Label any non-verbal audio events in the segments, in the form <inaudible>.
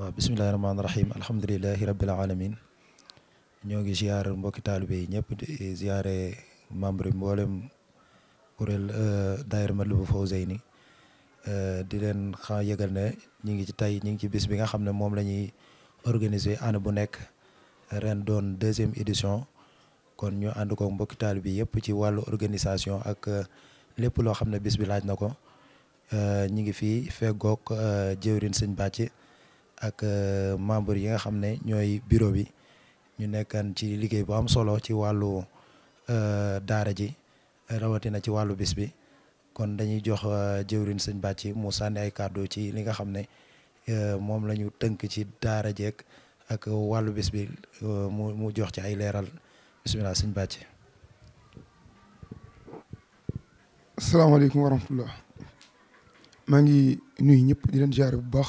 waaw bisimilahi rahmaani rahim alhamdulilahi rabil alamin ñoo ngi ziare mbokki taalibe yi ñëpp di ziare membre yi mboolem kuréel euh, daayira Matlabul Fawzayni euh, di leen xa yëgal ne ñu ngi ci tey ñu ngi ci bis bi nga xam ne moom la ñuy organiser année bu nekk ren doon deuxième édition kon ñu ànd ko mbokki taalibe yi yëpp ci wàllu organisation ak euh, lépp loo xam ne bis bi laaj na ko ñu ngi fii feggoog jëwrin sëñ bàcc ak euh, membre yi nga xam ne ñooy bureau bi ñu nekkan ci liggéey bu am solo ci wàllu euh, daara ji rawatina ci wàllu bis bi kon dañuy jox euh, jëwrin sëñ bàcci mu sànni ay kàddu ci li nga xam ne moom la ñu tënk ci daara jeeg ak wàllu bis bi mu mu jox ci ay leeral bisimilah sëñ bàcci asalaamaaleykum wa rahmatullah maa ngi nuy ñëpp di leen jaare bu baax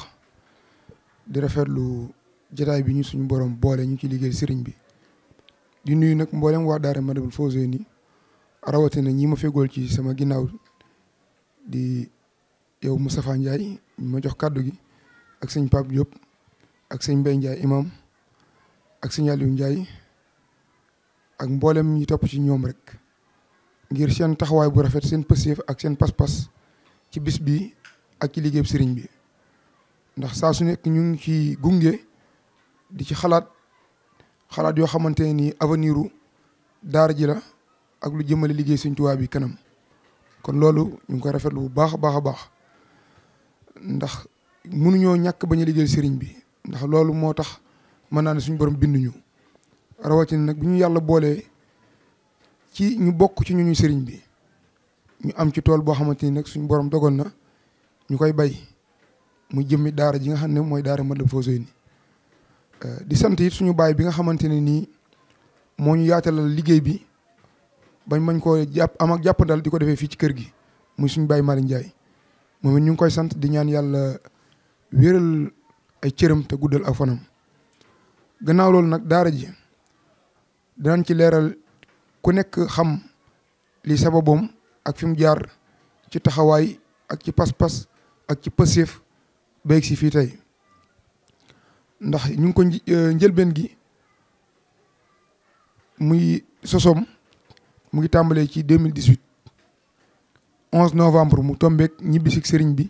di rafetlu jotaay bi ñu suñu borom boole ñu ci liggéey sëriñ bi di nuyu nag mboolem waa daara Madabul Fawzeyni rawatina ñi ma fegool ci sama ginnaaw di yow Moustapha Ndiaye ma jox kàddu gi ak sëñ Pape Diop ak sëñ Mbaye Ndiaye imam ak sëñ Aliou njaay ak mboolem ñi topp ci ñoom rek ngir seen taxawaay bu rafet seen pësif ak seen pas ci bis bi ak ci liggéey sëriñ bi ndax saa su nekk ñu ngi ci gunge di ci xalaat xalaat yoo xamante ne nii avenir u ji la ak lu jëmale liggéey Sëñ Tuubaa bi kanam kon loolu ñu ngi koy rafetlu bu baax a baax a baax ndax mënuñoo ñàkk bañ a liggéey sëriñ bi ndax loolu moo tax mën naa ne suñu borom binduñu rawatin nag bu ñu yàlla boolee ci ñu bokk ci ñu ñuñu sëriñ bi ñu am ci tool boo xamante ni nag suñu borom dogoon na ñu koy bay muy jëmmi daara ji nga xam ne mooy daara Matlaboul Fawzayni euh, di sant it suñu baay bi nga xamante ne nii moo ñu yaatalal liggéey bi bañ mañ koo jàpp am ak jàpp jàppandal di ko defee fii ci kër gi muy suñu baay Malick Ndiaye moom it ñu ngi koy sant di ñaan yàlla wéral ay cëram te guddal ak fanam gannaaw loolu nag daara ji danañ ci leeral ku nekk xam li sababom ak fi mu jaar ci taxawaay ak ci pas-pas ak ci pëseef béyeg si fii tey ndax ñu ngi ko euh, njëlbeen gi muy sosom mu ngi tàmbalee ci 2018 11 novembre mu tombeek ñibbi sëriñ bi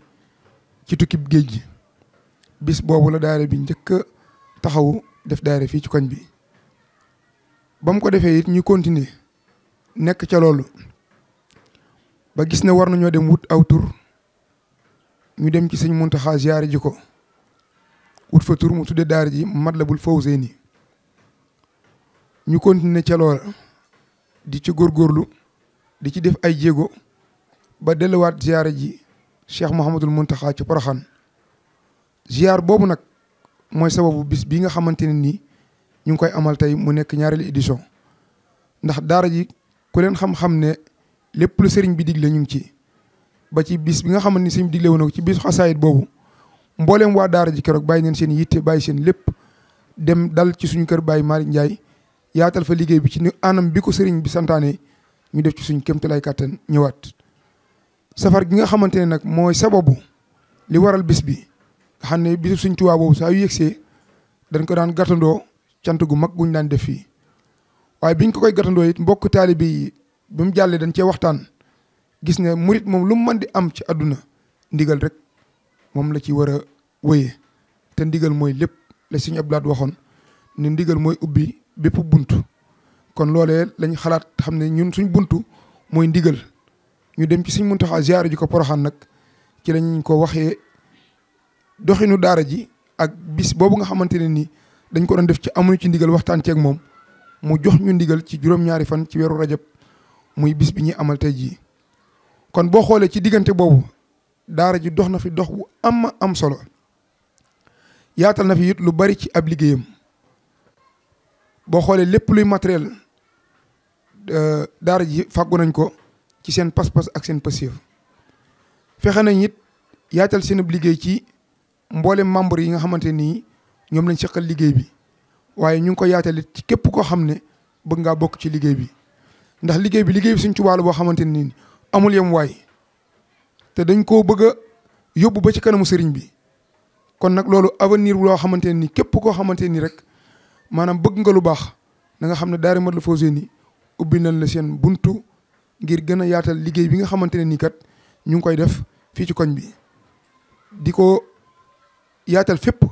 ci tukkib géej gi bis boobu la daare bi njëkk a taxawu def daare fii ci koñ bi ba ko defee it ñi continuer nekk ca loolu ba gis ne war nañoo dem wut aw tur ñu dem ci sëñ Muntaxa ziyaare ji ko ut fa mu tudde daara ji Matlabul ni ñu continuer ca di ci góorgóorlu di ci def ay jéego ba delluwaat ziyaare ji Cheikh Mouhamadul Muntaxa ci Poroxaan ziyaar boobu nag mooy sababu bis bi nga xamante ne nii ñu ngi koy amal tey mu nekk ñaareelu édition ndax daara ji ku leen xam-xam ne lépp lu sëriñ bi digle ñu ngi ci ba ci bis bi nga xamante ni suñ digle woon ko ci bis xasaayit boobu mbooleem waa daara ji keroog bàyyi neen seen yitte bàyyi seen lépp dem dal ci suñu kër bàyyi Malick Ndiaye yaatal fa liggéey bi ci ni anam bi ko sëriñ bi ñu def ci suñ kéemtalaay kàttan ñëwaat. safar gi nga xamante ne nag mooy sababu li waral bis bi nga xam ne bisu suñ tuwaa saa yu yegsee dañ ko daan gàttandoo cant gu mag guñ daan def fii waaye biñ ko koy gatandoo it mbokk taalibe yi ba mu jàllee dañ cee waxtaan. gis ne murit moom lu mu mën di am ci àdduna ndigal rek moom la ci war a wëyee te ndigal mooy lépp la suñu abdulaat waxoon ne ndigal mooy ubbi bépp bunt kon loole lañ xalaat xam ne ñun suñ buntu mooy ndigal ñu dem ci suñ muntaxaa ziyaara ji ko poroxaan nag ci lañ ko waxee doxinu daara ji ak bis boobu nga xamante ne ni dañ ko doon def ci amuñu ci ndigal waxtaan ceeg moom mu jox ñu ndigal ci juróom-ñaari fan ci weeru rajab muy bis bi ñuy amal tey jii kon boo xoolee ci diggante boobu daara ji dox na fi dox bu am am solo yaatal na fi yit lu bari ci ab liggéeyam boo xoolee lépp luy matériel euh, daara ji fàggu nañ ko ci seen pas-pas ak seen pasif fexe nañ it yaatal seen ab liggéey ci mboolem membre yi nga xamante nii ñoom lañ seqal liggéey bi waaye ñu ngi ko yaatal it ci képp koo xam ne bëgg ngaa bokk ci liggéey bi ndax liggéey bi liggéey bi Sëñ Tuubaa boo xamante nii amul yem waay te dañ koo bëgg a yóbbu ba ci kanamu sëriñ bi kon nag loolu avanir loo xamante ne ni képp koo xamante ni rek maanaam bëgg nga lu baax na nga xam ne daari mat la fausé ni ubbi nañ la seen buntu ngir gën a yaatal liggéey bi nga xamante ne ni kat ñu ngi koy def fii ci koñ bi di ko yaatal fépp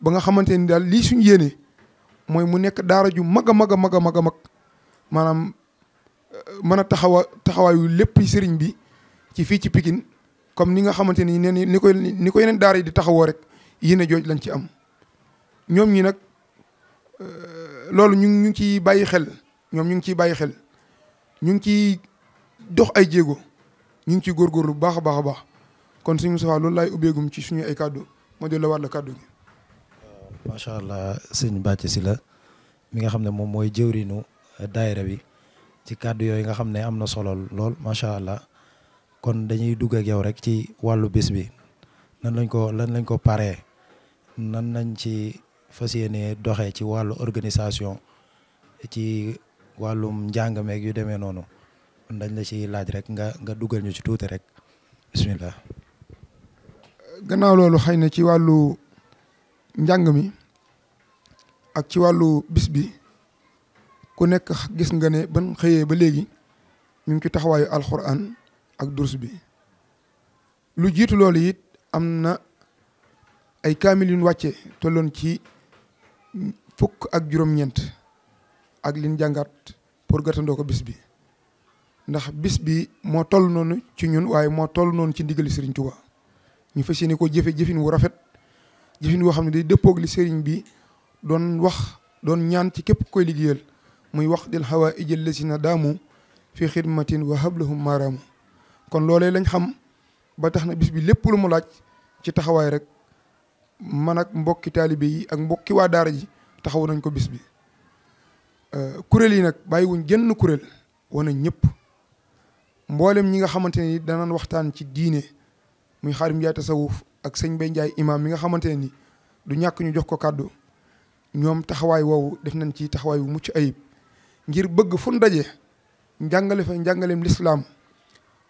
ba nga xamante ni daal lii suñu yéene mooy mu nekk daara ju mag a mag a mag a mag a mag mën a taxawa taxawaayu lépp sëriñ bi ci fii ci pikin comme ni nga xamante ni ne ni ko ni ko yeneen daara yi di taxawoo rek yéene jooj lañ ci am ñoom ñi nag euh, loolu ñu ngi ñu ngi ciy bàyyi xel ñoom ñu ngi ciy bàyyi xel ñu ngi ciy dox ay jéego ñu ngi ciy góorgóorlu bu baax a baax a baax kon suñu Moustapha loolu laay ubbeegum ci suñu ay kàddu ma dellu la waat la kàddu gi. macha allah sëñ Bàcc si la mi nga xam ne moom mooy jëwriñu daayira bi. ci kàddu yooyu nga xam ne am na solo lool macha allah kon dañuy dugg ak yow rek ci wàllu bis bi nan lañ ko lan lañ ko pare nan lañ ci fas yéenee doxe ci wàllu organisation ci wàllum njàng meeg yu demee noonu dañ la ci laaj rek nga nga dugal ñu ci tuuti rek bismillah. gannaaw loolu xëy na ci wàllu njàng mi ak ci wàllu bis bi. ku nekk gis nga ne ban xëyee ba léegi ñu ngi ci taxawaayu alxuraan ak durs bi lu jiitu loolu it am na ay kaamil wàcce tolloon ci fukk ak juróom-ñeent ak liñ jàngat pour gàttandoo ko bis bi ndax bis bi moo toll noonu ci ñun waaye moo toll noonu ci ndigali Serigne Touba ñu fas yéene ko jëfe jëfin wu rafet jëfin woo xam ne day dëppoog li Serigne bi doon wax doon ñaan ci képp koy liggéeyal muy wax dil xawaa ijël lesi na daamu fi xidmatin wa hablahum maaraamu kon loole lañ xam ba tax na bis bi lépp lu mu laaj ci taxawaay rek man mbokki taalibe yi ak mbokki waa daara ji taxaw nañ ko bis bi euh, kuréel yi nag bàyyiwuñ genn kuréel wana ñëpp mboolem ñi nga xamante ni danaan waxtaan ci diine muy xaarim njaay ak sëñ bay njaay imaam mi nga xamante ne ni du ñàkk ñu jox ko kàddu ñoom taxawaay woowu def nañ ci taxawaay bu mucc ayib ngir bëgg fu ndaje njàngale fa njàngaleem lislaam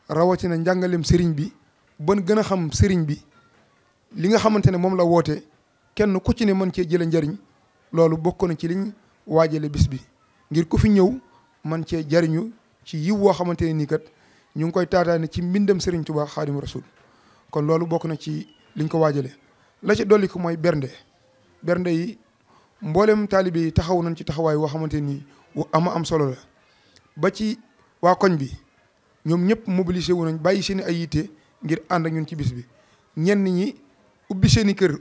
rawatina njàngaleem sëriñ bi ban gën a xam sëriñ bi li nga xamante ne moom la woote kenn ku ci ne mën cee jële njariñ loolu bokk na ci liñ waajale bis bi ngir ku fi ñëw man cee jariñu ci yiw woo xamante ne nii ñu ngi koy taataane ci mbindam sëriñ Tuubaa Xaadimu Rasuul kon loolu bokk na ci liñ ko waajale la ci dolli mooy bernde bernde yi mboolem taalibe yi taxaw nañ ci taxawaay woo xamante nii bu ama am solo la ba ci waa koñ bi ñoom ñëpp mobilisé wu nañ bàyyi seen ay yitte ngir ànd ak ñun ci bis bi ñenn ñi ubbi seen i kër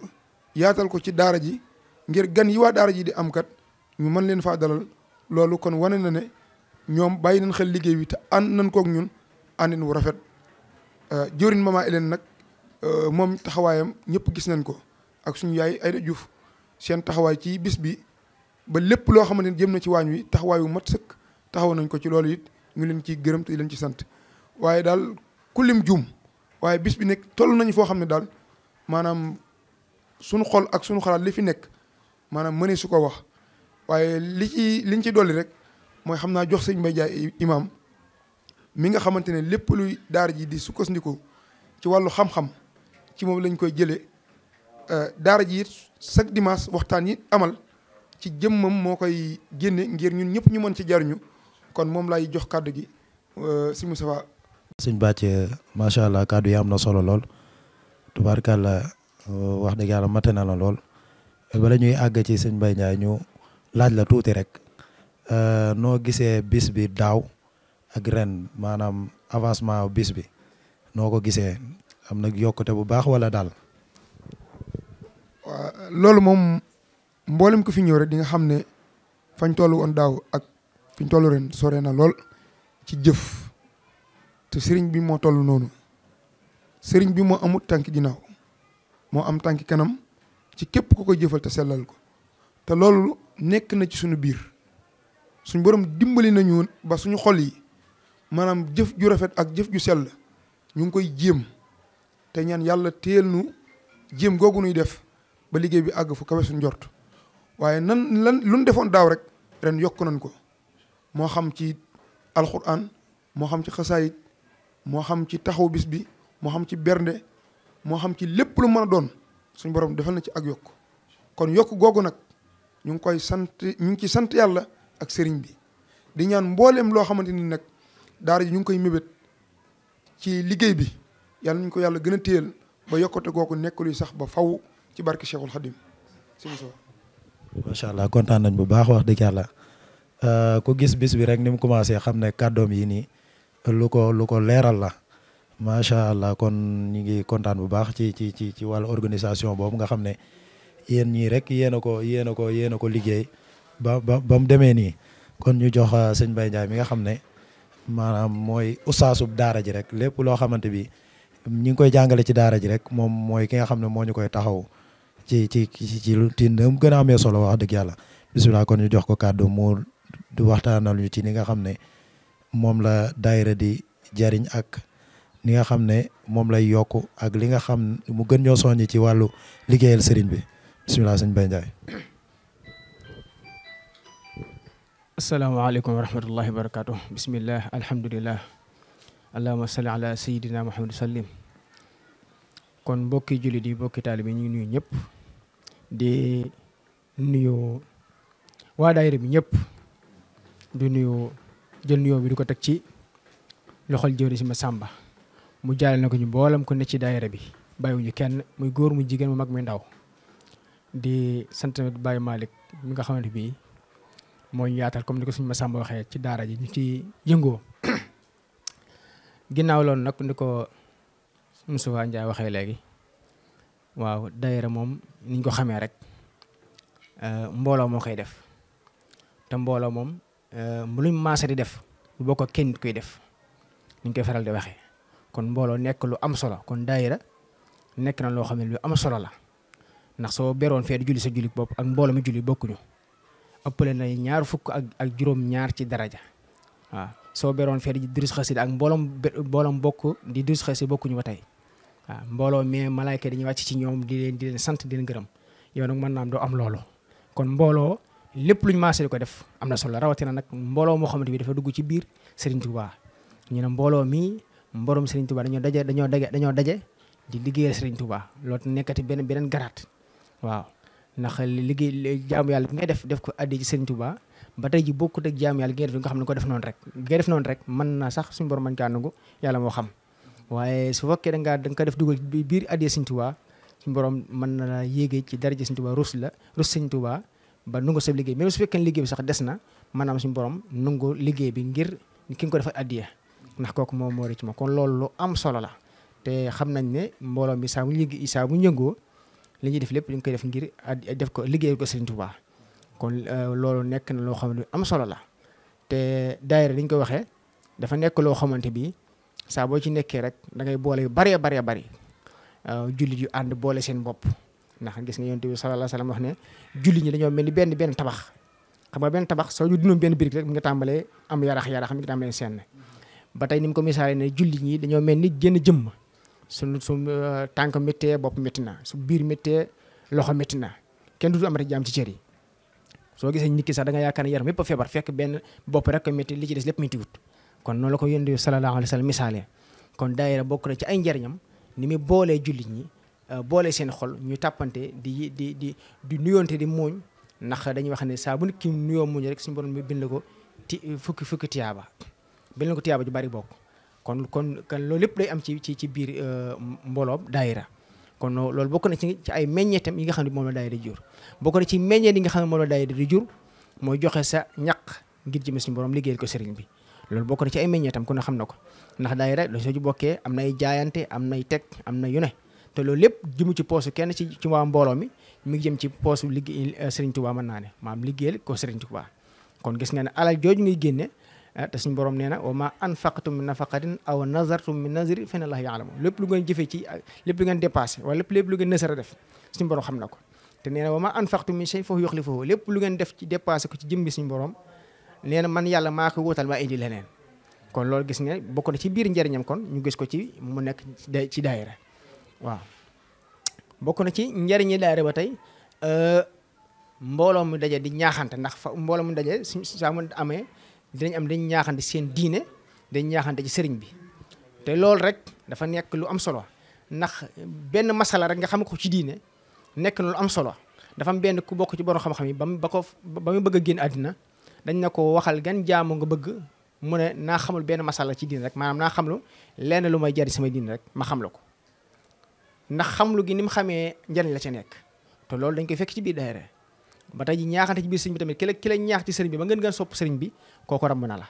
yaatal ko ci daara ji ngir gan yi waa daara ji di am kat ñu mën leen faa dalal loolu kon wane na ne ñoom bàyyi nañ xel liggéey bi te ànd nañ kook ñun àndin wu rafet euh, jëwriñ Mama Hélène nag euh, moom taxawaayam ñëpp gis nañ ko ak suñu yaay Ayda Diouf seen taxawaay ci bis bi ba lépp loo xamante ni jëm na ci waañ wi taxawaayu mat sëkk taxaw nañ ko ci loolu it ñu leen ciy gërëm te leen ci sant waaye daal kulim juum waaye bis bi nekk toll nañu foo xam ne daal maanaam suñu xol ak suñu xalaat li fi nekk maanaam mënee su ko wax waaye li ci liñ ci dolli rek mooy xam naa jox sëñ Mbaye Ndiaye imaam mi nga xamante ne lépp luy daara ji di sukkandiku ci wàllu xam-xam ci moom lañ koy jëlee euh, daara ji it chaque dimanche waxtaan yi amal ci jëmmam moo koy génne ngir ñun ñëpp ñu mën ci jariñu kon moom lay jox kàddu gi euh, si Moustapha sëñ Bàcce macha allah kàddu yi am na solo lool tubaarkàlla euh, wax dëgg yàlla mate na la lool bala ñuy àgg ci sëñ Mbaye Ndiaye ñu laaj la tuuti rek euh, noo gisee bis bi daaw ak ren maanaam avancement bis bi noo ko gisee am na yokkute bu baax wala daal. loolu moom mboolem ko fi ñëw rek di nga xam ne fañ toll woon daaw ak fiñ toll ren sore na lool ci jëf te sëriñ bi moo toll noonu sëriñ bi moo amut tànk ginnaaw moo am tànk kanam ci képp ku ko jëfal te sellal ko te loolu nekk na ci suñu biir suñ borom dimbali nañu ba suñu xol yi maanaam jëf ju rafet ak jëf ju sell ñu ngi koy jéem te ñaan yàlla teel nu jéem googu nuy def ba liggéey bi àgg fu kawe suñ njort waaye nan lan lu ñu defoon daaw rek ren yokk nañ ko moo xam ci alxuraan moo xam ci xasaayit moo xam ci taxaw bis bi moo xam ci bernde moo xam ci lépp lu mën a doon suñu borom defal na ci ak yokk kon yokk googu nag ñu ngi koy sant ñu ngi ci sant yàlla ak sëriñ bi di ñaan mbooleem loo xamante ni nag daara ji ñu ngi koy mébét ci liggéey bi yàlla nañu ko yàlla gën a téyel ba yokkate googu nekkuluy sax ba faw ci barke Cheikhul Khadim macha allah kontaan nañ bu baax wax dëgg yàlla euh, ko gis bis bi rek ni mu commencé xam ne kàddoom yi nii lu ko lu ko leeral la macha allah kon ñu ngi kontaan bu baax ci ci ci ci wàllu organisation boobu nga xam ne yéen ñii rek yéen a ko yéen a ko yéen a ko liggéey ba ba mu demee nii kon ñu jox euh, sëñ Mbaye Ndiaye mi nga xam ne maanaam mooy ustaasub daara ji rek lépp loo xamante bi ñi ngi koy jàngale ci daara ji rek moom mooy ki nga xam ne moo ñu koy taxaw ci ci ci lu ci mu gën a amee solo wax dëgg yàlla bisimilah kon jox ko kàddu mu waxtaanal ñu ci ni nga xam ne moom la daayira di jariñ ak ni nga xam ne moom lay yokk ak li nga xam mu gën ñoo soññi ci wàllu liggéeyal sëriñ bi bisimilah sëñ Baye Ndiaye. asalaamaaleykum wa rahmatullahi wa barakaatu bisimilah alhamdulilah ala sayidina muhammad sallim kon mbokki jullit yi mbokki taalibe ñu ngi nuyu di nuyu waa daayira bi ñëpp di nuyu jël nuyoo bi di ko teg ci loxol jëwri si ma sàmba mu jaale na ko ñu mboolam ko ne ci daayira bi bàyyiwuñu kenn muy góor mu jigéen mu mag muy ndaw di sant Baye Malick mi nga xamante bi moo ñu yaatal comme ni ko suñ ma sàmba waxee ci daara ji ñu ci yëngoo <coughs> ginnaaw loolu nag ni ko Moussa Ndiaye waxee léegi waaw daayira moom niñ ko xamee rek euh, mbooloo moo koy def te mbooloo moom euh, luñ maase di def bu bokk ak kenn koy def niñ koy faral di waxee kon mbooloo nekk lu am solo kon daayira nekk na loo xam ne lu am solo la ndax soo beroon fee di julli sa julli bopp ak mbooloo mi julli bokkuñu ëppale na ñaar fukk ak ak juróom-ñaar ci daraja waaw soo beroon fee di diris xasida ak mbooloom mbooloom bokk di diris xasida bokkuñu ba tey waaw ah, mbooloo mais malaayka dañuy wàcc ci ñoom di leen di sant di leen gërëm yow nag mën naa am doo am loolu kon mbooloo lépp luñ maasee di ko def am na solo rawatina nag mbooloo moo xamante bi dafa dugg ci biir Serigne Touba ñu ne mbooloo mii mborom Serigne Touba dañoo daje dañoo daje dañoo daje di liggéeyal Serigne Touba loolu nekkati benn beneen garaat waaw ndax liggéey jaamu yàlla bi ngay def def ko addi ci Serigne Touba ba tey ji bokkut ak jaamu yàlla gi nga def xam ne ko def noonu rek nga def noonu rek mën na sax su borom mën kaa nangu yàlla moo xam waaye su fekkee da ngaa da ko def dugal biir addiya Sëñ Tuubaa suñu borom mën na la yéegee ci daraja Sëñ Tuubaa rus la rus Sëñ Tuubaa ba nungu sa liggéey même su fekkee liggéey bi sax des na maanaam suñu borom nungu liggéey bi ngir ki nga ko defal addiya ndax kooku moom moo ci ma kon loolu lu am solo la te xam nañ ne mbooloo mi saa bu ñu saa bu yëngoo li ñuy def lépp ñu ngi koy def ngir def ko liggéey ko Sëñ Tuubaa kon euh, loolu nekk na loo xam ne am solo la te daayira li ñu ko waxee dafa nekk loo xamante bi saa boo ci nekkee rek da ngay boole yu baree baree bari euh, jullit yu ànd boole seen bopp ndax gis nga yonent bi sallallahu alayhi wasallam wax ne jullit ñi dañoo mel ni benn benn tabax xam nga benn tabax soo ñu dundum benn birig rek mi nga tàmbalee am yarax yarax mi nga tàmbalee seen ba tey ni mu ko misaalee ne jullit ñi dañoo mel ni génn jëmm suñu suñu euh, tànk méttee bopp métti na su biir méttee loxo métti na kenn du amati jaam ci cër yi soo gisee nit ki sax da nga yaakaar ne yaram yëpp a feebar fekk benn bopp rek ko métti li ci des lépp métti wut kon noonu la ko yonent bi sallallahu alayhi wa sallam misaale kon daayira bokk na ci ay njariñam ni mu boolee jullit ñi euh, boolee seen xol ñu tappante di di di di nuyoonte di muuñ ndax dañuy wax ne saa bu nit nuyoo muuñ rek suñu borom bi bind ko ti fukki fukki tiyaaba bind ko tiyaaba ju bari bokk kon kon kon loolu lépp day am ci ci ci biir euh, mbooloob daayira kon loolu bokk na ci ci ay meññeetam yi nga xam ne moom la daayira jur bokk na ci meññeet yi nga xam ne moom la daayira di jur mooy joxe sa ñaq ngir jëme suñu borom liggéeyal ko sëriñ bi loolu bokk na ci ay meññeetam ku ne xam na ko ndax daayira lu soo ci bokkee am nay jaayante am nay teg am na yu ne te loolu lépp ci poosu kenn ci ci waa mi mi ngi jëm ci poosu liggéey euh, Serigne Touba mën naa ne maam liggéeyal ko Serigne Touba kon gis nga ne alal jooju ngay génne ah, te suñu borom nee na wa ma anfaqtum min nafaqatin aw nazartum min nazri fa inna Allaha ya'lamu lépp lu ngeen jëfee ci lépp lu ngeen dépassé wala lépp lépp lu ngeen def suñu borom xam ko te nee na wa ma nee na man yàlla maa ko wóotal maa indi leneen kon loolu gis nga bokk ci biir njariñam kon ñu gis ko ci mu nekk ci daayira waaw bokk na ci njëriñi daayira ba tey euh, mbooloo mu daje di ñaaxante ndax fa mbooloo mu daje su saa mu amee dinañ am dañ ñaaxante seen diine dañ ñaaxante ci sëriñ bi te loolu rek dafa nekk lu am solo ndax benn masala rek nga xam ko ci diine nekk na lu am solo dafa am benn ku bokk ci borom xam-xam yi ba mu ba ko ba mu bëgg a génn àddina dañ na ko waxal gan jaamu nga bëgg mu ne naa xamul benn masala ci diin rek maanaam naa xam lu lenn lu may jariñ sama diin rek ma xam la ko ndax xamlu gi ni mu xamee njariñ la ci nekk te loolu dañ koy fekk ci biir daayira ba tey ji ñaaxante ci biir sëriñ bi tamit ki la ki la ñaax ci sëriñ bi ba ngeen gën sopp sëriñ bi kooku ràmm na la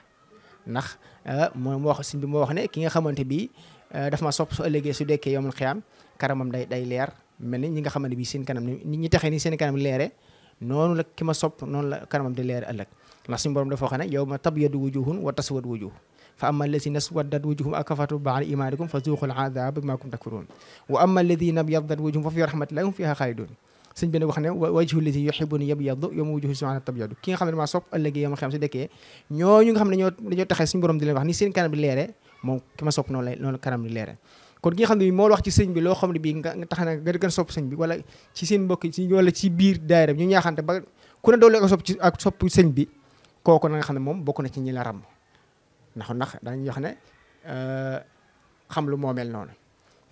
ndax moo euh, moo wax sëriñ bi moo wax ne ki nga xamante bi euh, dafa ma sopp su ëllëgee su dekkee yomul xiyaam karamam day day leer mel ni ñi nga xamante bi seen kanam ni ñi texee ni seen kanam leere noonu la ki ma sopp noonu la kanamam di leer ëllëg ndax suñu borom dafa yow ma tabyadu wujuhun wa taswad wujuh fa ama alladina swaddat wujuhum akafartum ba'da imanikum fa zuqu al'adaba bima wa ama alladina abyaddat wujuhum fa fi rahmatillahi hum fiha di leen wax ni seen di leere moom ki sopp noonu la noonu kanam di leere kon ki xam ne bi moo wax ci sëñ bi loo xam ne nga tax na nga gën a sopp sëñ bi wala ci seen mbokk ci wala ci biir daayira ñu ñaaxante ba ku ne doole ko ak sopp sëñ bi kooku na nga xam ne moom bokk na ci ñi la ràmm ndax ndax dañuy wax ne euh, xam lu moo mel noonu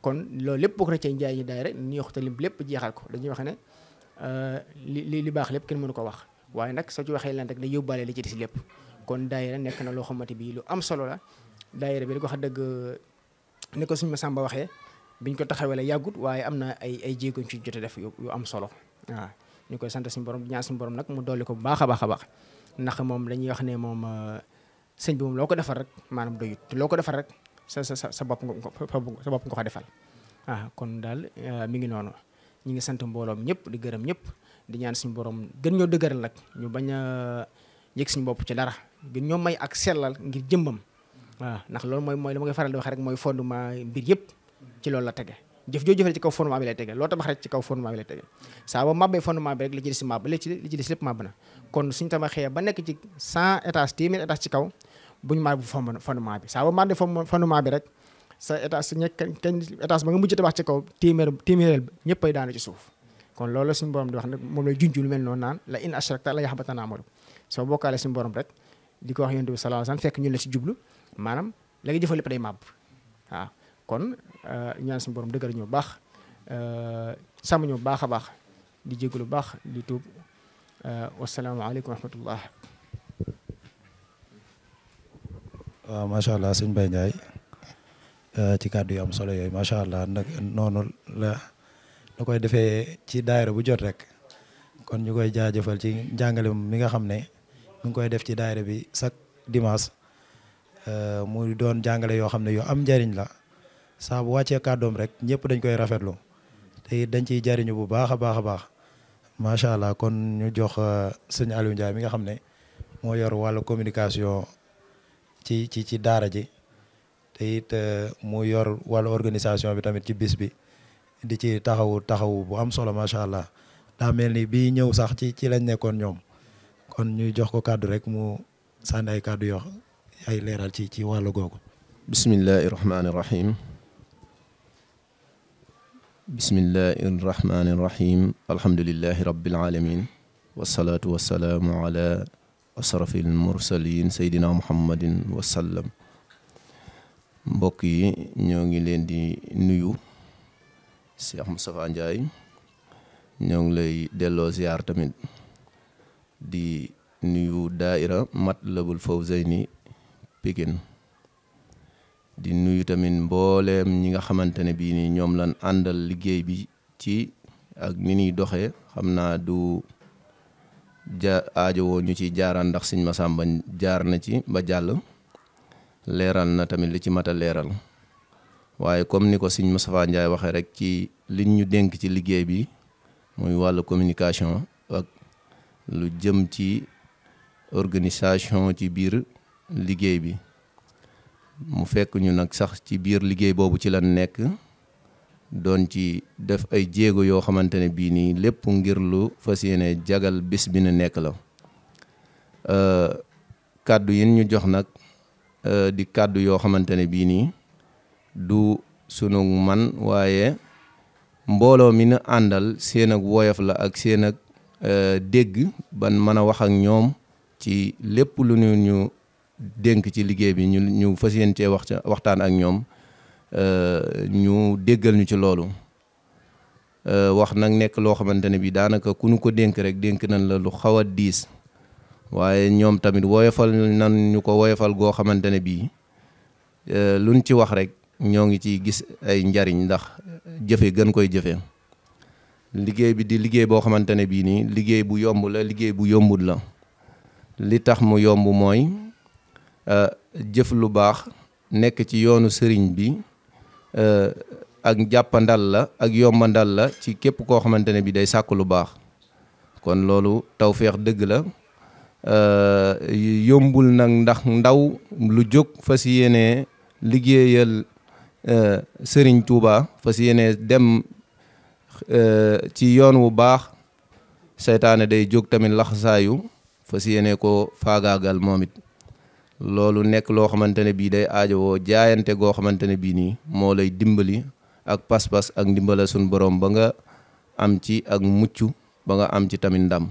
kon loolu lépp bokk na ci njaay ñi daayira ñu yox te lim lépp jeexal ko dañuy wax ne euh, li li li baax lépp kenn mënu ko wax waaye nag soo ci waxee lan rek day yóbbaale li ci des lépp kon daayira nekk na loo xamante bii lu am solo la daayira bi di ko wax dëgg ni ko suñu Masamba waxee biñ ko taxawee la yàggut waaye am na ay ay jéegoñ ci jote def yu am solo waaw ñu koy sant suñu borom ñaan suñu borom nag mu dolli bu baax a baax a baax ndax moom dañuy wax ne moom euh, sëñ loo ko defal rek maanaam doyut te loo ko defal rek sa sa sa bopp nga sa bopp nga defal waaw kon daal euh, mi ngi noonu ñu ngi sant mbooloom ñëpp di gërëm ñëpp di ñaan suñu borom gën ñoo dëgëral nag ñu bañ a euh, yëg suñu bopp ci dara gën ñoo may ak sellal ngir jëmbam waaw ndax loolu mooy mooy li ma faral di wax rek mooy fondement mbir yëpp ci loolu la tege jëf joo jëfee ci kaw fondement bi lay tege loo tabax rek ci kaw fondement bi lay tege saa boo bi rek li ba nekk ci 100 étages téeméer étages ci kaw buñu mabbu fondement bi saa bi rek sa étage ba nga mujj tabax ci kaw téeméer téeméeral ñëpp ay daanu ci suuf kon loolu suñu borom di wax nag moom lay junj lu mel noonu naan la in ashrakta la yaxbatana amalu soo bokkaale suñu borom rek di ko wax yonent bi sallallahu alayhi wasallam fekk maanaam la nga jëfal lépp day màbb waaw kon euh, ñaan suñu borom dëgër bu baax euh, sàmm ñu bu baax a baax di jégalu bu baax di tuub euh, wasalaamaaleykum wa rahmatullah. waaw macha allah sëñ Baye Ndiaye ci kàddu yu solo yooyu macha allah nag noonu koy defee ci daayira bu jot rek kon ñu koy jaajëfal ci njàngale mi nga xam ne mi ngi koy def ci daayira bi chaque dimanche Euh, mu doon jàngale yoo xam ne yoo am njariñ la saa bu wàccee kàddoom rek ñëpp dañ koy rafetlu te dañ ciy jariñu bu baax a baax a baax macha allah kon ñu jox euh, sëñ Aliou Ndiaye mi nga xam ne moo yor wàllu communication ci ci ci daara ji te it euh, mu yor wala organisation bi tamit ci bis bi di ci taxawu taxawu bu am solo macha allah daa mel ni bii ñëw sax ci ci lañ nekkoon ñoom kon ñu jox ko kàddu rek mu sànni ay kàddu yoo ay leeral ci ci wàllu googu bismillahi irrahmani irrahim bismillahi irrahmani irrahim alhamdulilahi rabbil alamin wasalaatu wasalaamu ala asrafil mursalin seydina muhammadin wasallam mbokk yi ñoo ngi leen di nuyu Cheikh Moustapha Ndiaye ñoo ngi lay delloo ziar tamit di nuyu daaira Matlabul Fawzayni Pikine di nuyu tamit mbooleem ñi nga xamante ne bii nii ñoom lan àndal liggéey bi ci ak ni ñuy doxee xam naa du ja aajowoo ñu ci jaaraan ndax sëñ Masamba jaar na ci ba jàll leeral na tamit li ci mat a leeral waaye comme ni ko sëñ Moustapha Ndiaye waxee rek ci li ñu dénk ci liggéey bi muy wàll communication ak lu jëm ci organisation ci biir liggéey bi mu fekk ñu nag sax ci biir liggéey boobu ci lan nekk doon ci def ay jéego yoo xamante ne bii nii lépp ngir lu fa yéene jagal bés bi nu nekk la euh, kàddu yin ñu jox nag euh, di kàddu yoo xamante ne bii nii du sunu man waaye mbooloo mi nu àndal seen ak woyof la ak seen ak euh, dégg ban mën a wax ak ñoom ci lépp lu ñu ñu dénk ci liggéey bi ñu ñu fas yéene cee wax waxtaan ak ñoom euh, ñu déggal ñu ci loolu euh, wax nag nekk loo xamante ne bi daanaka ku ñu ko dénk rek dénk nañ la lu xaw a diis waaye ñoom tamit woyofal nan ñu ko woyofal goo xamante ne bii euh, luñ ci wax rek ñoo ngi ciy gis ay njariñ ndax jëfe gën koy jëfe liggéey bi di liggéey boo xamante ne bii nii liggéey bu yomb la liggéey bu yombul la li tax mu yomb mooy Euh, jëf lu baax nekk ci yoonu sëriñ bi euh, ak jàppandal la ak yombandal la ci képp koo xamante ne bi day sàkk lu baax kon loolu tawféex dëgg la euh, yombul nag ndax ndaw lu jóg fas yéenee liggéeyal sëriñ Touba fas yéenee dem ci yoon wu baax seytaane day jóg tamit laxasaayu fas yéenee ko faagaagal moom it loolu nekk loo xamante ne bii day woo jaayante goo xamante ne bii nii moo lay dimbali ak pas-pas ak ndimbala suñu boroom ba nga am ci ak mucc ba nga am ci tamit ndam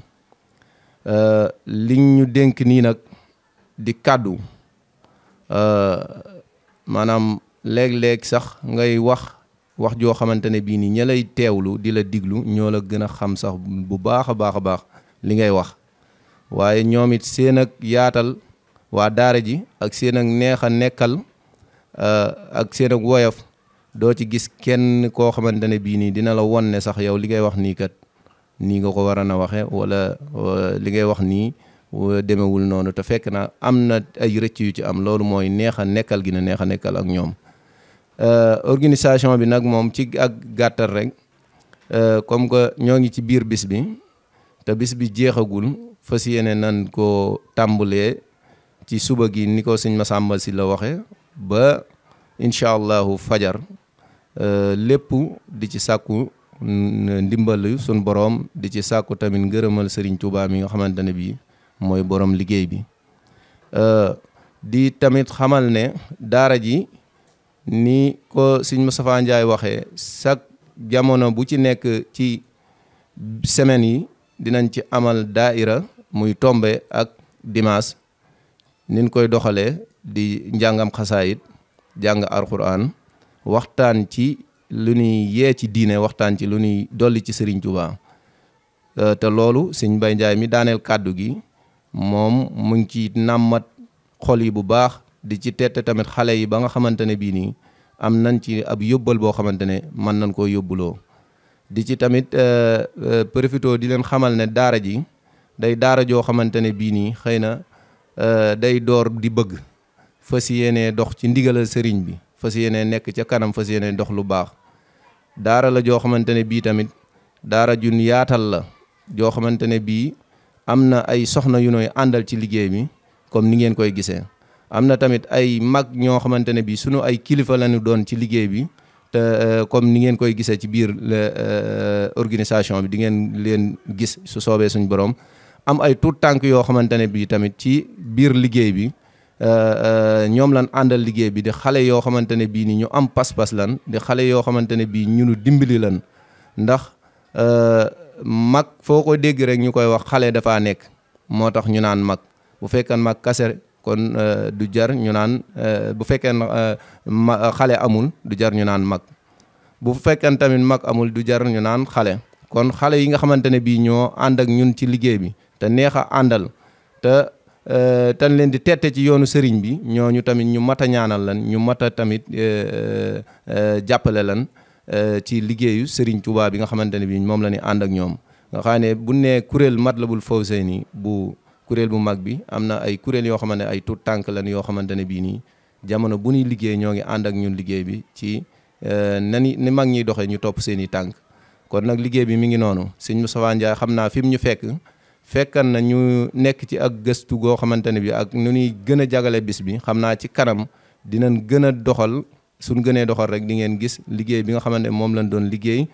euh, liñ ñu dénk nii nag di kàddu euh, maanaam léeg-léeg sax ngay wax wax joo xamante ne bii nii ña lay teewlu di la diglu ñoo la gën a xam sax bu baax a baax a baax li ngay wax waaye ñoom seen ak yaatal waa daara ji ak seen ak neex a nekkal euh, ak seen ak woyof doo ci gis kenn koo xamante ne bii nii dina la won ne sax yow li ngay wax nii kat nii nga ko war na waxe wala euh, li ngay wax nii euh, demewul noonu te fekk na am na ay rëcc yu ci am loolu mooy neex a nekkal gi na neex a nekkal ak ñoom organisation bi nag moom ci ak gàttal rek comme que ñoo ngi ci biir bis bi te bis bi jeexagul fas yéene nan koo tàmbalee ci suba gi ni ko sëñ Massamba si la waxe ba incha allahu fajar euh, lépp di ci sàkku ndimbalu sun borom di ci sàkku tamit ngërëmal sëriñ Touba mi nga xamante ne bii mooy borom liggéey bi euh, di tamit xamal ne daara ji ni ko sëñ Moustapha Ndiaye waxee chaque jamono bu ci nekk ci semaine yi dinañ ci amal daaira muy tombe ak dimaas nin koy doxalee di njàngam xasaayit jàng alxuraan waxtaan ci lu ñuy yee ci diine waxtaan ci lu ñuy dolli ci Serigne Touba euh, te loolu sëñ Mbaye Ndiaye mi daaneel kàddu gi moom mu ngi ci nàmmat xol yi bu baax di ci tette tamit xale yi ba nga xamante ne bii nii am nañ ci ab yóbbal boo xamante ne mën nañ koo yóbbuloo di ci tamit euh, euh, profito di leen xamal ne daara ji day daara joo xamante ne bii nii xëy na Euh, day door di bëgg fas yéenee dox ci ndigalal sëriñ bi fas yéenee nekk ca kanam fas yenee dox lu baax daara la joo xamante ne bii tamit daara jun yaatal la joo xamante ne bii am na ay soxna yu nooy àndal ci liggéey mi comme ni ngeen koy gisee am na tamit ay mag ñoo xamante ne bii sunu ay kilifa lañu doon ci liggéey bi te euh, comme ni ngeen koy gisee ci biir euh, organisation bi di ngeen leen gis su soobee suñ borom am ay tuut tànk yoo xamante ne bii tamit ci biir liggéey bi euh, euh, ñoom lan àndal liggéey bi di xale yoo xamante ne bii ni ñu am pas-pas lan di xale yoo xamante ne bii ñunu dimbali lan ndax euh, mag foo dégg rek ñu koy wax xale dafaa nekk moo tax ñu naan mag bu fekkee mag kase kon du jar ñu naan bu fekkee xale amul du jar ñu naan mag bu fekkee tamit mag amul du jar ñu naan xale kon xale yi nga xamante ne bii ñoo ànd ak ñun ci liggéey bi te neex a àndal te euh, tan leen di tette ci yoonu sëriñ bi ñooñu tamit ñu mat a ñaanal lan ñu mat a tamit euh, euh, jàppale lan ci liggéeyu sëriñ Tuubaa bi nga xamante ne bi moom la ñu ànd ak ñoom nga xam ne bu la kuréel Matlabul Fawzayni bu kuréel bu mag bi am na ay kuréel yoo xamante ne ay tuut tànk lan yoo xamante ne bii nii jamono bu ñuy liggéey ñoo ngi ànd ak ñun liggéey bi ci nani ni mag ñiy doxe ñu topp seen i tànk kon nag liggéey bi mi ngi noonu sëñ naa fi mu ñu fekk fekkan na ñu nekk ci ak gëstu goo xamante ne bi ak nu ñuy gën a jagale bis bi xam naa ci kanam dinañ gën a doxal suñ gënee doxal rek di ngeen gis liggéey bi nga xamante ne moom lañ doon liggéey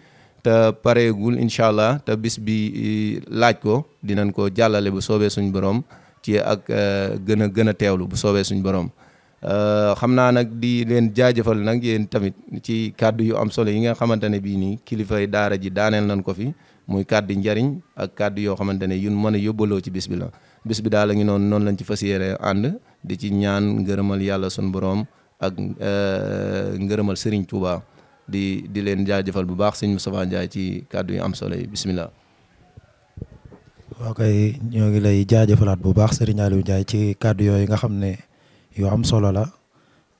te pareegul incha allah te bis bi laaj ko dinañ ko jàllale bu soobee suñ borom ci ak e, gën a gën a teewlu bu soobee suñ borom e, xam naa nag di leen jaajëfal nag yéen tamit ci kàddu yu am solo yi nga xamante ne bii nii kilifay daara ji daaneel nan ko fi muy kàddu njariñ ak kàddu yoo xamante ne yun mën a yóbbaloo ci bis bi la bis bi daal la ngi noonu noonu lañ ci fas yéene ànd di ci ñaan ngërëmal yàlla sun boroom ak euh, ngërëmal Serigne Touba di di leen jaajëfal bu baax sëñ Moustapha Ndiaye ci kàddu yu am solo bisimilah. waaw ñoo ngi lay jaajëfalaat bu baax Serigne Aliou ci kàddu yooyu nga xam ne yu am solo la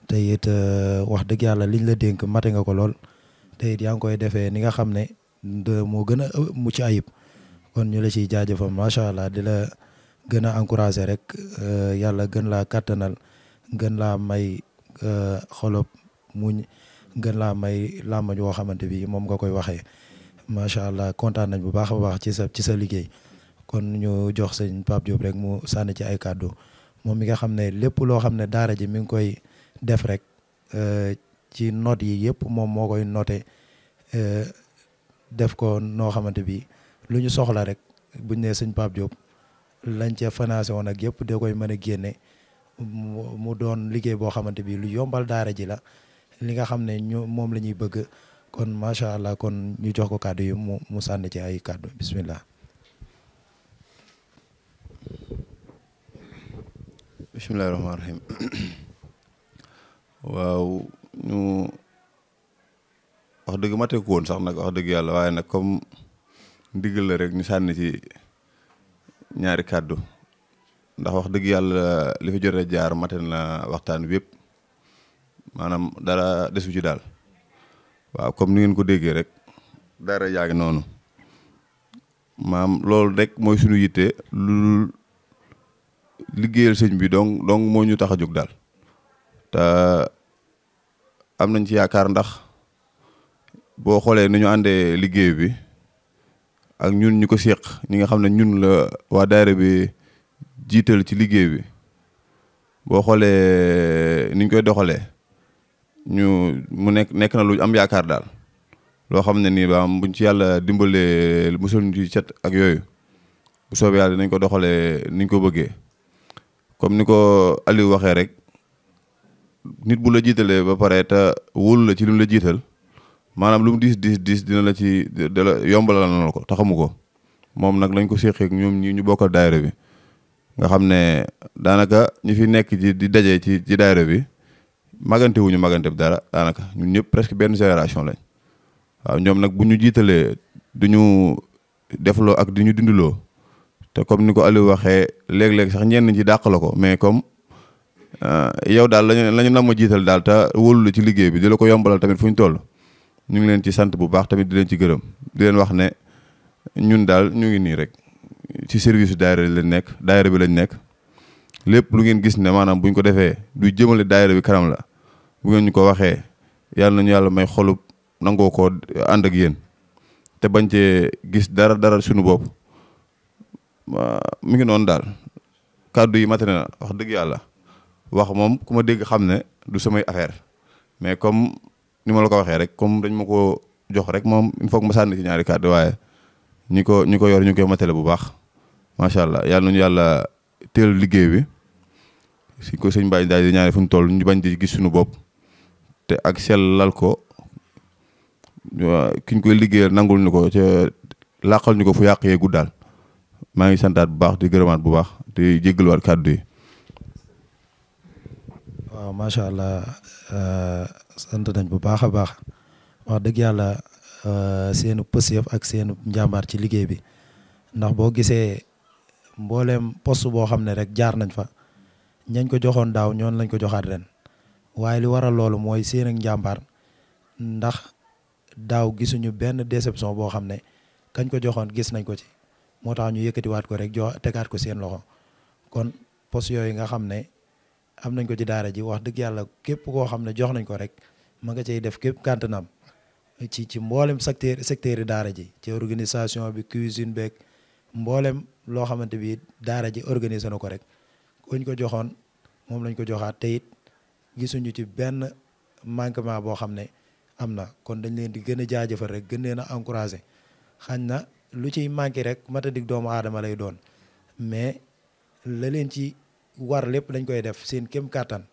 te it euh, wax dëgg yàlla liñ la dénk mate nga ko lool te it yaa ngi koy defee ni nga xam ne. moo gën a euh, mucc ayib kon ñu la ciy jaajëfal macha allah di la gën a encouragé rek euh, yàlla gën laa kattanal gën laa may euh, xolob muñ gën laa may làmmañ woo xamante bi moom nga koy waxee macha allah kontaan nañ bu baax a baax ci sa ci sa liggéey kon ñu jox sëñ Pape Diop rek mu sànni ci ay kàddu moom mi nga xam ne lépp loo xam ne daara ji mi ngi koy def rek ci noot yi yëpp moom moo koy noté def ko noo xamante bi lu ñu soxla rek buñ nee sëñ Pape Diop lañ ca financé woon ak yëpp da koy mën a génne mu doon liggéey boo xamante bi lu yombal daara ji la li nga xam ne ñu moom la ñuy bëgg kon macha allah kon ñu jox ko kàddu yi mu mu sànni ci ay kàddu bismillah bismillahi rahmaani rahim <coughs> waaw ñu wax dëgg ma teeku woon sax nag wax dëgg yàlla waaye nag comme ndigal la rek ñu sànni ci ñaari kàddu ndax wax dëgg yàlla li fi jotee jaar mate na waxtaan bi yëpp maanaam dara desu ci daal waaw comme ni ngeen ko déggee rek dara yaa noonu maam loolu rek mooy suñu yitte lu liggéeyal sëñ bi donc donc moo ñu tax a jóg daal te am nañ ci yaakaar ndax boo xoolee ni ñu àndee liggéey bi ak ñun ñu ko séq ñi nga xam ne ñun la waa daayira bi jiital ci liggéey bi boo xoolee niñ koy doxalee ñu mu nekk nekk na lu am yaakaar daal loo xam ne nii baam buñ ci yàlla dimbalee mosul ñu ci cet ak yooyu bu soobee yàlla dinañ ko doxalee niñ ko bëggee comme ni ko Aliou waxee rek nit bu la jiitalee ba pare te wóolu la ci li la jiital maanaam lu mu diis diis diis dina la ci dala yombalal na la ko taxamu ko moom nag lañ ko séqeek ñoom ñi ñu bokkal daayira bi nga xam ne daanaka ñu fi nekk ci di daje ci ci daayira bi magante wuñu magante bi dara daanaka ñun ñëpp presque benn génération lañ waaw ñoom nag bu ñu jiitalee du ñu defloo ak du ñu dindiloo te comme ni ko Aliou waxee léeg-léeg sax ñenn ci dàq la ko mais comme euh, yow daal lañu la ñu nam ma jiital daal te wóolu la ci liggéey bi di la ko yombalal tamit fu ñu toll ñu ngi leen ci sant bu baax tamit di leen ci gërëm di leen wax ne ñun daal ñu ngi nii rek ci service su daayira nekk daayira bi lañ nekk lépp lu ngeen gis ne maanaam buñ ko defee du jëmale daayira bi kanam la bu ngeen ñu ko waxee yàlla nañu yàlla may xolub nangoo ko ànd ak yéen te bañ cee gis dara dara suñu bopp mu ngi noonu daal kàddu yi mate na wax dëgg yàlla wax moom ku ma dégg xam ne du samay affaire mais comme. ni ma la ko waxee rek comme dañ ma ko jox rek moom il faut que ma sànni ci ñaari kàddu waaye ñi ko ñi ko yor ñu ngi koy matale bu baax macha allah yàlla nañu yàlla teel liggéey bi suñ ko sëñ Baye daal di ñaari fu ñu toll ñu bañ di gis suñu bopp te ak lal ko kiñ koy liggéeyal nangul ñu ko ca làqal ñu ko fu yàq yeegul daal maa ngi santaat bu baax di gërëmaat bu baax di jéggaluwaat kàddu yi. waaw macha allah. Euh, sant nañ bu baax a baax dëgg yàlla euh, seenu pësiyëf ak seenu njàmbaar ci liggéey bi ndax boo gisee mboolem post boo xam ne rek jaar nañ fa ñañ ko joxoon daaw ñoon lañ ko joxaat ren waaye li waral loolu mooy seen ak njàmbaar ndax daaw gisuñu benn déception boo xam ne kañ ko joxoon gis nañ ko ci moo tax ñu yëkkatiwaat ko rek jox tegaat ko seen loxo kon poste yooyu nga xam ne am nañ ko ci daara ji wax dëgg yàlla képp koo xam ne jox nañ ko rek ma nga cay def képp kàttanam ci ci mboolem secteur secteur yi daara ji ci organisation bi cuisine beeg mboolem loo xamante bi daara ji organiser na ko rek ñu ko joxoon moom lañ ko joxaat te it gisuñu ci benn manquement boo xam ne am na kon dañ leen di gën a jaajëfal rek gën leen a encouragé na lu ciy manqué rek matadik doomu aadama lay doon mais la leen ci war lépp dañ koy def seen kem kàttan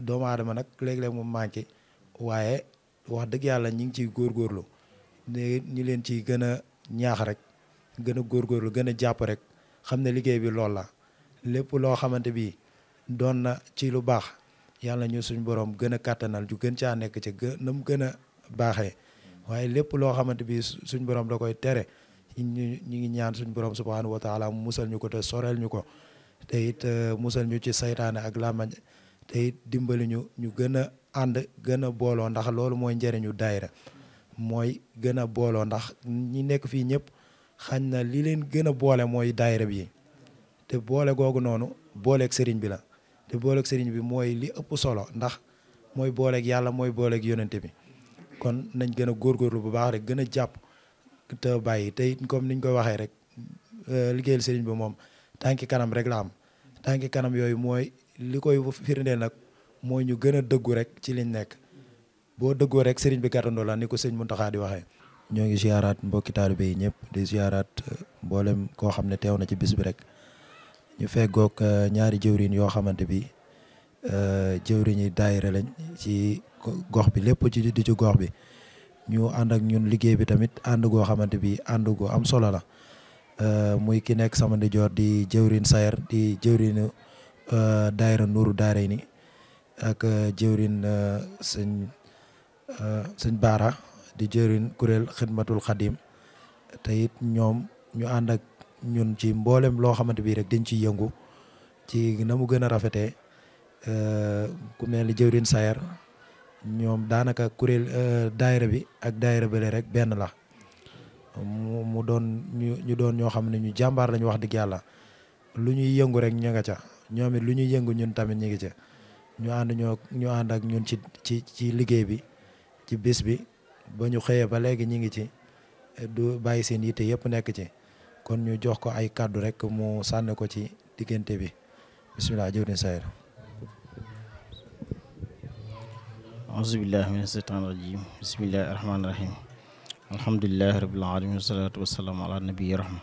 doomu aadama nag léeg-léeg mu manqué waaye wax dëgg yàlla ñu ngi ciy góorlu ne ñu leen ci gën a ñaax rek gën góor góorgóorlu gën a jàpp rek xam ne liggéey bi lool la lépp loo xamante bi doon na ci lu baax yàlla ñu suñu borom gën a kàttanal ju gën caa nekk ci gën na mu gën a baaxee waaye lépp loo xamante bi suñ borom da koy tere ñu ñu ngi ñaan suñu borom subhanahu wa taala mu musal ñu ko te soreel ñu ko te it eh, musal ñu ci seytaane ak làmmañ te it dimbali ñu ñu gën a ànd gën a booloo ndax loolu mooy njariñu daayira mooy gën a booloo ndax ñi nekk fii ñëpp xañ na li leen gën a boole mooy daayira bi te boole googu noonu booleeg sëriñ bi la te booleeg sëriñ bi mooy li ëpp solo ndax mooy booleeg yàlla mooy booleeg yonente bi kon nañ gën a góorlu bu baax rek gën a jàpp te bàyyi te it comme niñ koy waxee rek eh, liggéeyal sëriñ bi moom tànki kanam rek la am tànki kanam yooyu mooy li koy firndeel nag mooy ñu gën a dëggu rek ci liñ nekk boo dëggoo rek sëriñ bi gàttandoo la ni ko sëñ Muntaxa di waxee. ñoo ngi ziaraat mbokki taalibe yi ñëpp di ziaraat euh, mboolem koo xam ne teew na ci bis bi rek ñu feggoog euh, ñaari jëwriñ yoo xamante bi euh, jëwriñ yi daayira lañ ci gox bi lépp ci di ci gox bi ñu ànd ak ñun liggéey bi tamit ànd goo xamante bi ànd goo am solo la. Euh, muy ki nekk sama joor di jëwrin Sayer di jëwrin euh, daayira Nuuru Daarayni ak euh, jëwrin sëñ sëñ Baara di jëwrin kuréel xidmatul xadim te it ñoom ñu ànd ak ñun ci mboolem loo xamante bi rek dañ ciy yëngu ci na mu gën a rafetee ku mel ni jëwrin Sayer ñoom daanaka kuréel daayira bi ak daayira bële rek benn la mu doon ñu doon ñoo xam ne ñu jàmbaar lañu wax dëgg yàlla lu ñuy yëngu rek ñu nga ca ñoom it lu ñuy yëngu ñun tamit ñu ngi ca ñu ànd ñu ànd ak ñun ci ci ci liggéey bi ci bis bi ba ñu xëyee ba léegi ñu ngi ci du bàyyi seen yitte yëpp nekk ci kon ñu jox ko ay kàddu rek mu sànni ko ci diggante bi bisimilah jëw din sayr aousubillah min asheytan rajim alhamdulilahi rabbil alamin wasalaatu wasalaamu ala nabi rahma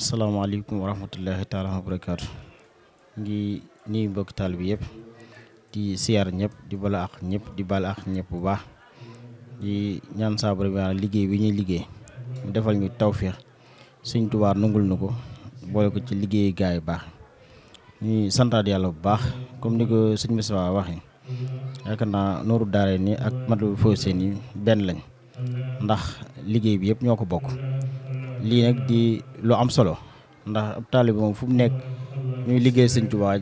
asalaamaaleykum wa rahmatullahi taala wa barakaatu ngi nuyu mbokk taal bi yëpp di siyaar ñëpp di bala ak ñëpp di bal ak ñëpp bu baax di ñaan saabara bi yàlla liggéey bi ñuy liggéey mu defal ñu tawféex Sëñ Tuubaa nungul na ko boole ko ci liggéey yi baax ñuy santaat yàlla bu baax comme ni ko sëñ Moussa waxee yaakaar naa nooru daare ni ak Matlaboul Fawzayni benn lañ ndax liggéey bi yëpp ñoo ko bokk lii nag di lu am solo ndax ab taalibe moom fu mu nekk ñuy liggéey sëñ Tuubaa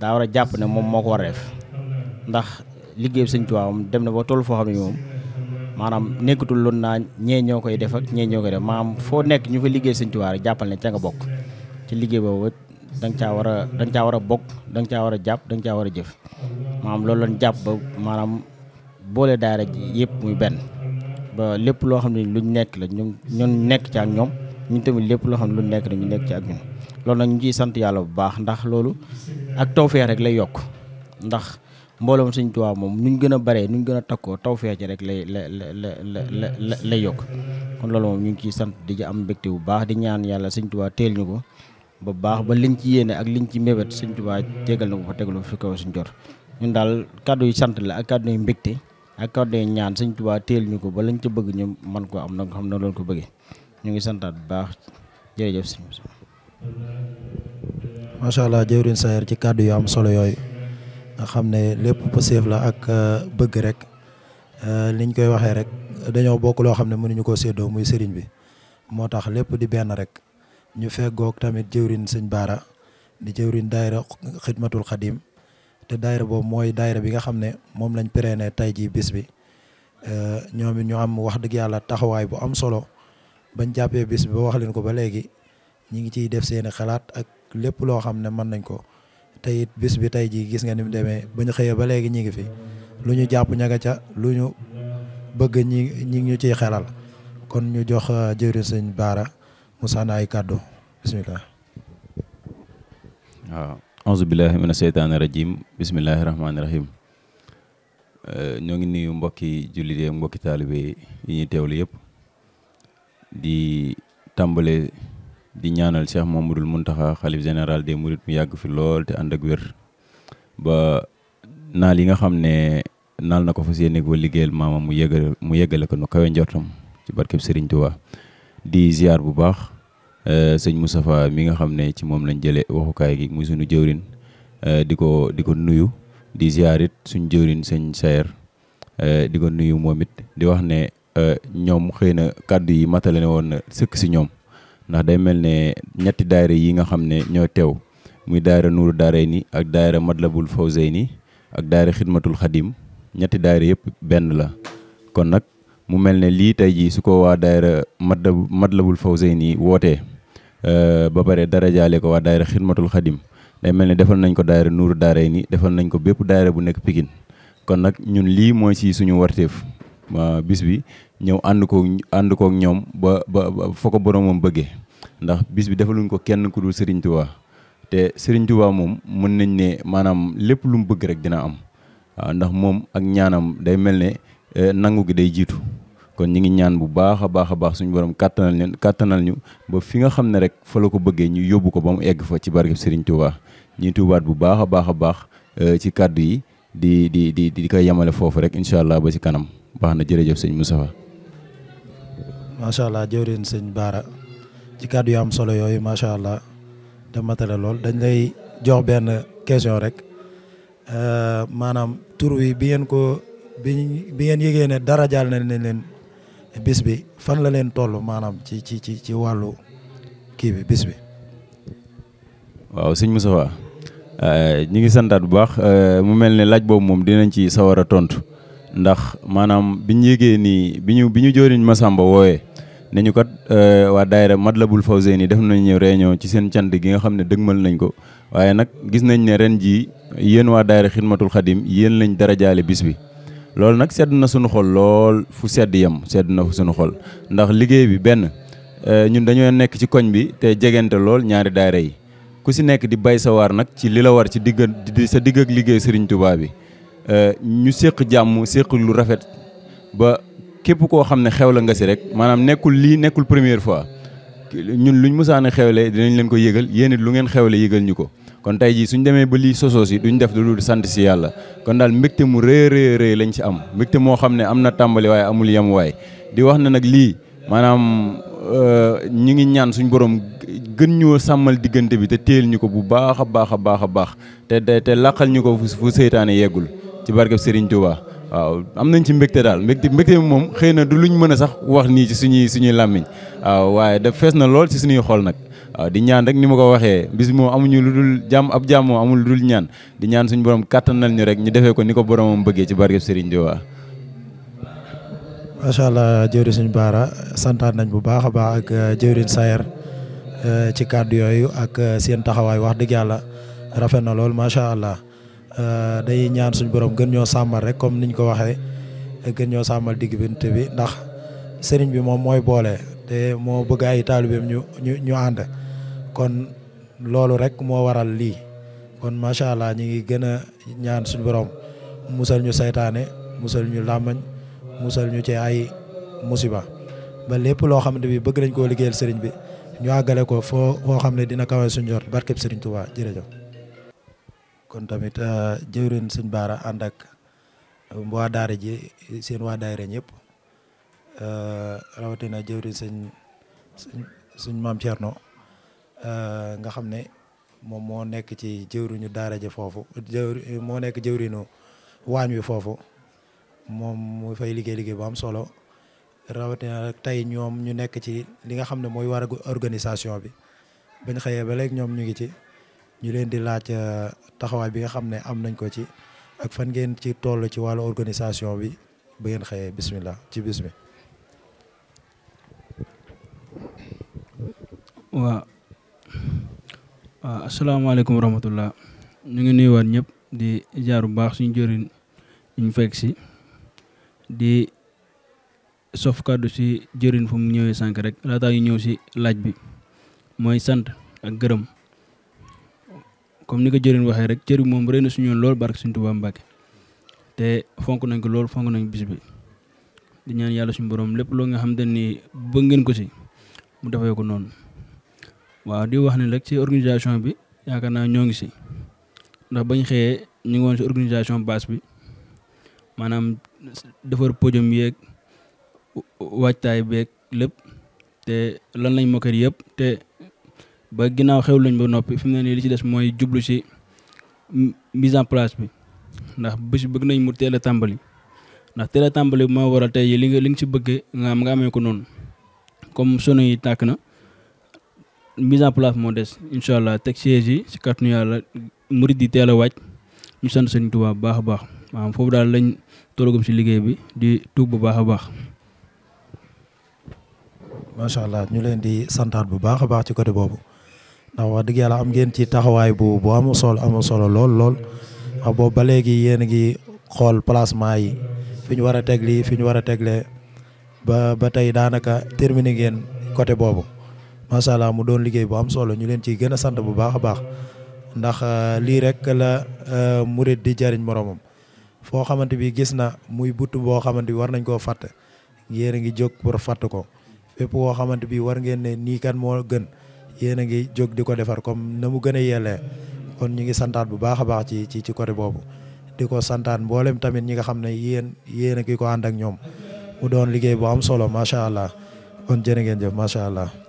daa war a jàpp ne moom moo ko war a def ndax liggéey sëñ Tuubaa moom dem na ba toll foo xam ne moom maanaam nekkatul loon naa ñee ñoo koy def ak ñee ñoo koy def maam foo nekk ñu fa liggéey sëñ rek jàppal ne ca nga bokk ci liggéey boobu da nga caa war a da caa war a bokk da caa war a jàpp da caa war a jëf maam lool lañ jàpp ba maanaam boole daara yëpp muy benn ba lépp loo xam ne luñ nekk la ñu ñun nekk ci ak ñoom ñun tamit lépp loo xam ne lu nekk la ñu nekk ci ak ñun loolu nag ñu ciy sant yàlla bu baax ndax loolu ak tawfeex rek lay yokk ndax mbooloom Sëñ Tuubaa moom nuñ gën a baree nuñ gën a takkoo tawfeex ci rek lay la la la la lay yokk kon loolu ñu ngi ciy sant di ci am mbégte bu baax di ñaan yàlla Sëñ Tuubaa teel ñu ko ba baax ba liñ ci yéene ak liñ ci mébét Sëñ Tuubaa tegal na ko fa tegaloo fi kaw suñ jot ñun daal kàddu yi sant la ak kàddu yi mbégte ak kàddu yi ñaan sëñ Tuubaa teel ñu ko ba lañ ci bëgg ñu man ko am na nga xam ne loolu ko bëggee ñu ngi santaat bu baax jërëjëf sëñ bi. macha allah jëwrin Sayer ci kàddu yu am solo yooyu nga xam ne lépp pëseef la ak euh, bëgg rek euh, liñ koy waxee rek dañoo bokk loo xam ne mënuñu koo séddoo muy sëriñ bi moo tax lépp di benn rek ñu feggoog tamit jëwrin sëñ Baara di jëwrin day daayira xidmatul xadim te daayira boobu mooy daayira bi nga xam ne moom lañ pérene tey jii bis bi euh, ñoom it ñu am wax dëgg yàlla taxawaay bu am solo bañ jàppee bis bi ba wax ko ba léegi ñi ngi ciy def seeni xalaat ak lépp loo xam ne mën nañ ko te it bis bi tey jii gis nga ni mu demee ba xëyee ba léegi ñi ngi fi lu ñu jàpp ñaga ca lu ñu bëgg ñi ñi ngi ñu ciy xelal kon ñu jox euh, jëwriñ sëñ Baara mu sànni ay kàddu bisimilah auzu billahi mina seytaani rajim bismillahi rahmaani rahim eh, ñoo ngi nuyu mbokki jullit yi mbokki taalibe yi ñuy teewlu yëpp di tàmbale di ñaanal Cheikh Mamadou Mountakha xalif général des mourides mu yàgg fi lool te ànd ak wér ba naal yi nga xam ne naal na ko fa yéene ko liggéeyal maama mu yëgal mu yëgale ko nu kawe njortam ci barkeb Serigne Touba di ziar bu baax Euh, sëñ Moustapha mi nga xam ne ci moom lañ jëlee waxukaay gi muy suñu jëwrin euh, di ko di ko nuyu di ziarit suñ jëwrin sëñ Sayer euh, di ko nuyu moom it di wax ne ñoom xëy na kàddu yi matale ne woon na sëkk si ñoom ndax day mel ne ñetti daayira yi nga xam ne ñoo teew muy daayira Nuuru nii ak daayira Madlabul nii ak daayira Xidmatul Xadim ñetti daayira yëpp benn la kon nag mu mel ne lii tey jii su ko waa daayira madda Matlabul nii wootee euh, ba pare darajaale ko waa daayira xidmatul xadim day mel ne nañ ko daayira nuuru daara nii defal nañ ko bépp daayira bu nekk pikin kon nag ñun lii mooy si suñu warteef bis bi ñëw ànd ko ànd kook ñoom ba ba foo ko moom bëggee ndax bis bi defaluñ ko kenn ku dul Serigne Touba te Serigne Touba moom mën nañ ne maanaam lépp lu mu bëgg rek dina am ndax moom ak ñaanam day mel ne euh, nangu gi day jiitu kon ñi ngi ñaan bu baax a baax a baax suñu borom kàttanal leen kàttanal ñu ba fi nga xam ne rek fa la ko bëggee ñu yóbbu ko ba mu egg fa ci barkeb Serigne Touba ñuy tuubaat bu baax a baax a baax euh, ci kàddu yi di di di di ko yemale foofu rek incha allah ba ci kanam baax na jërëjëf sëñ Moustapha. macha allah jëwriñ sëñ Baara ci kàddu yi am solo yooyu macha allah da lool dañ lay jox benn question rek euh, maanaam tur bi ngeen ko bi bi ngeen yëgee ne dara jaal nañ leen. bis bi fan la leen toll maanaam ci ci ci ci wàllu kii bi bis bi. waaw sëñ Moustapha euh, ñi ngi santaat bu baax euh, mu mel ni laaj boobu moom dinañ ci sawar a tontu ndax maanaam bi ñu yëgee nii bi ñu bi ñu jooriñ Masamba wooyee ne ñu kat euh, waa daayira Matlabul Fawzeyni def nañu réunion ci seen cant gi nga xam ne dëgmal nañ ko waaye nag gis nañ ne ren jii yéen waa daayira Xidmatul Xadim yéen lañ darajaale bis bi. loolu nag sedd na suñu xol lool fu sedd yem sedd na fu suñu xol ndax liggéey bi benn eh, ñun dañoo nekk ci koñ bi te jegante lool ñaari daayira yi ku si nekk di bay sa waar nag ci li la war ci digg sa digg ak liggéey Serigne Touba bi eh, ñu séq jàmm séq lu rafet ba képp koo xam ne xew la nga si rek maanaam nekkul lii nekkul première fois ñun luñ mosaan a xewle dinañ leen ko yëgal yéen lu ngeen xewle yëgal ñu ko kon tey jii suñ demee ba lii sosoo yi duñ def lu dul sant si yàlla kon daal mbégte mu rëy rëy rëy lañ ci am mbégte moo xam ne am na tàmbali waaye amul yem waay di wax na nag lii maanaam euh, ñu ngi ñaan suñu borom gën ñoo sàmmal diggante bi te téel ñu ko bu baax a baax a baax a baax te te te làqal ñu ko fu seytaane yeggul ci barkeb Serigne Touba waaw am nañ ci mbégte daal mbégte mbégte bi moom xëy na du luñ mën a sax wax nii ci suñuy suñuy làmmiñ waaw waaye da fees na lool ci suñuy xol nag. waaw di ñaan rek ni ma ko waxee bis moom amuñu lu dul jàmm ab jàmm amul lu dul ñaan di ñaan suñ borom kàttanal ñu rek ñu defee ko ni ko boromam bëggee ci barkeb Serigne Touba. macha allah jëwriñ suñu baara santaat nañ bu baax a baax ak euh, jëwriñ Sayer euh, ci kàddu yooyu ak euh, seen taxawaay wax dëgg yàlla rafet na lool macha allah day ñaan suñu borom gën ñoo sàmmal rek comme niñ ko waxee gën ñoo sàmmal diggante bi ndax sëriñ bi moom mooy boole te moo bëgg ay taalibeem ñu ñu ñu ànd. kon loolu rek moo waral lii kon macha allah ñu ngi gën a ñaan suñu borom musal ñu seytaane musal ñu làmmañ musal ñu ci ay musiba ba lépp loo xam ni bi bëgg nañ koo liggéeyal sëriñ bi ñu àggale ko foo foo xam ne dina kawe suñu jot barkeb sëriñ Touba jërëjëf. kon tamit euh, jëwrin suñ baara ànd ak waa daara ji seen waa daayira ñëpp euh, rawatina jëwrin suñ suñ maam no Euh, nga xam ne moom moo nekk ci jëwriñu daara ji foofu moo nekk jëwriñu waañ wi foofu moom mu fay liggéey liggéey bu am solo rawatina rek tey ñoom ñu nekk ci li nga xam ne mooy war organisation bi bañ xëyee ba léegi ñoom ñu ngi ci ñu leen di laaj euh, taxawaay bi nga xam ne am nañ ko ci ak fan ngeen ci toll ci wàllu organisation bi ba ngeen xëyee bismillah ci bis bi waaw asalaamaaleykum wa rahmatullah ñu ngi nuyuwaat ñëpp di jaar bu baax suñu jëriñ ñu fekk si di sof kàddu si jëriñ fu mu ñëwee sànq rek laataa ñu ñëw si laaj bi mooy sant ak gërëm comme ni ko jëriñ waxee rek cër bi moom rëy na suñu lool barke suñu Tuubaa Mbàkke te fonk nañ ko lool fonk nañ bis bi di ñaan yàlla suñu boroom lépp loo nga xam te ni bëgg ngeen ko si mu defee ko noonu waaw di wax ne rek ci organisation bi yaakaar naa ñoo ngi si ndax bañ xëyee ñu ngi woon si organisation baas bi maanaam defar podium yeeg waajtaay beeg lépp te lan lañ mokkee yëpp te ba ginnaaw xew lañ ba noppi fi mu ne nii li ci des mooy jublu si mise en place bi ndax bés bëgg nañ mu teel a tàmbali ndax teela a tàmbali moo waral tey li nga li nga si bëggee nga am nga amee ko noonu comme sono yi tàkk na. mise en place moo des incha allah teg siège yi si kàttanu yàlla murid di teel a waaj ñu sant sëñ Tuubaa bu baax a baax maanaam foofu daal lañ tollagum ci liggéey bi di tuub bu baax a baax. macha allah ñu leen di santaat bu baax a baax ci côté boobu ndax wax dëgg yàlla am ngeen ci taxawaay bu bu am solo am solo lool lool ndax boobu ba léegi yéen a ngi xool placement yi fi ñu war a teg li fi ñu war a tegle ba ba tey daanaka terminé ngeen côté boobu. macha allah mu doon liggéey bu am solo ñu leen ciy gën a sant bu baax a baax ndax euh, lii rek la euh, murid di jariñ moromam foo xamante bi gis na muy butt boo xamante bi war nañ koo fàtte yéen a ngi jóg pour fàtt ko fépp koo xamante bi war ngeen ne nii kan moo gën yéen a ngi jóg di ko defar comme na mu gën a yelee kon ñu ngi santaat bu baax a baax ci ci ci côté boobu di ko santaat mboolem tamit ñi nga xam ne yéen yéen a ngi ko ànd ak ñoom mu doon liggéey bu am solo macha allah kon jërë ngeen jëf macha allah.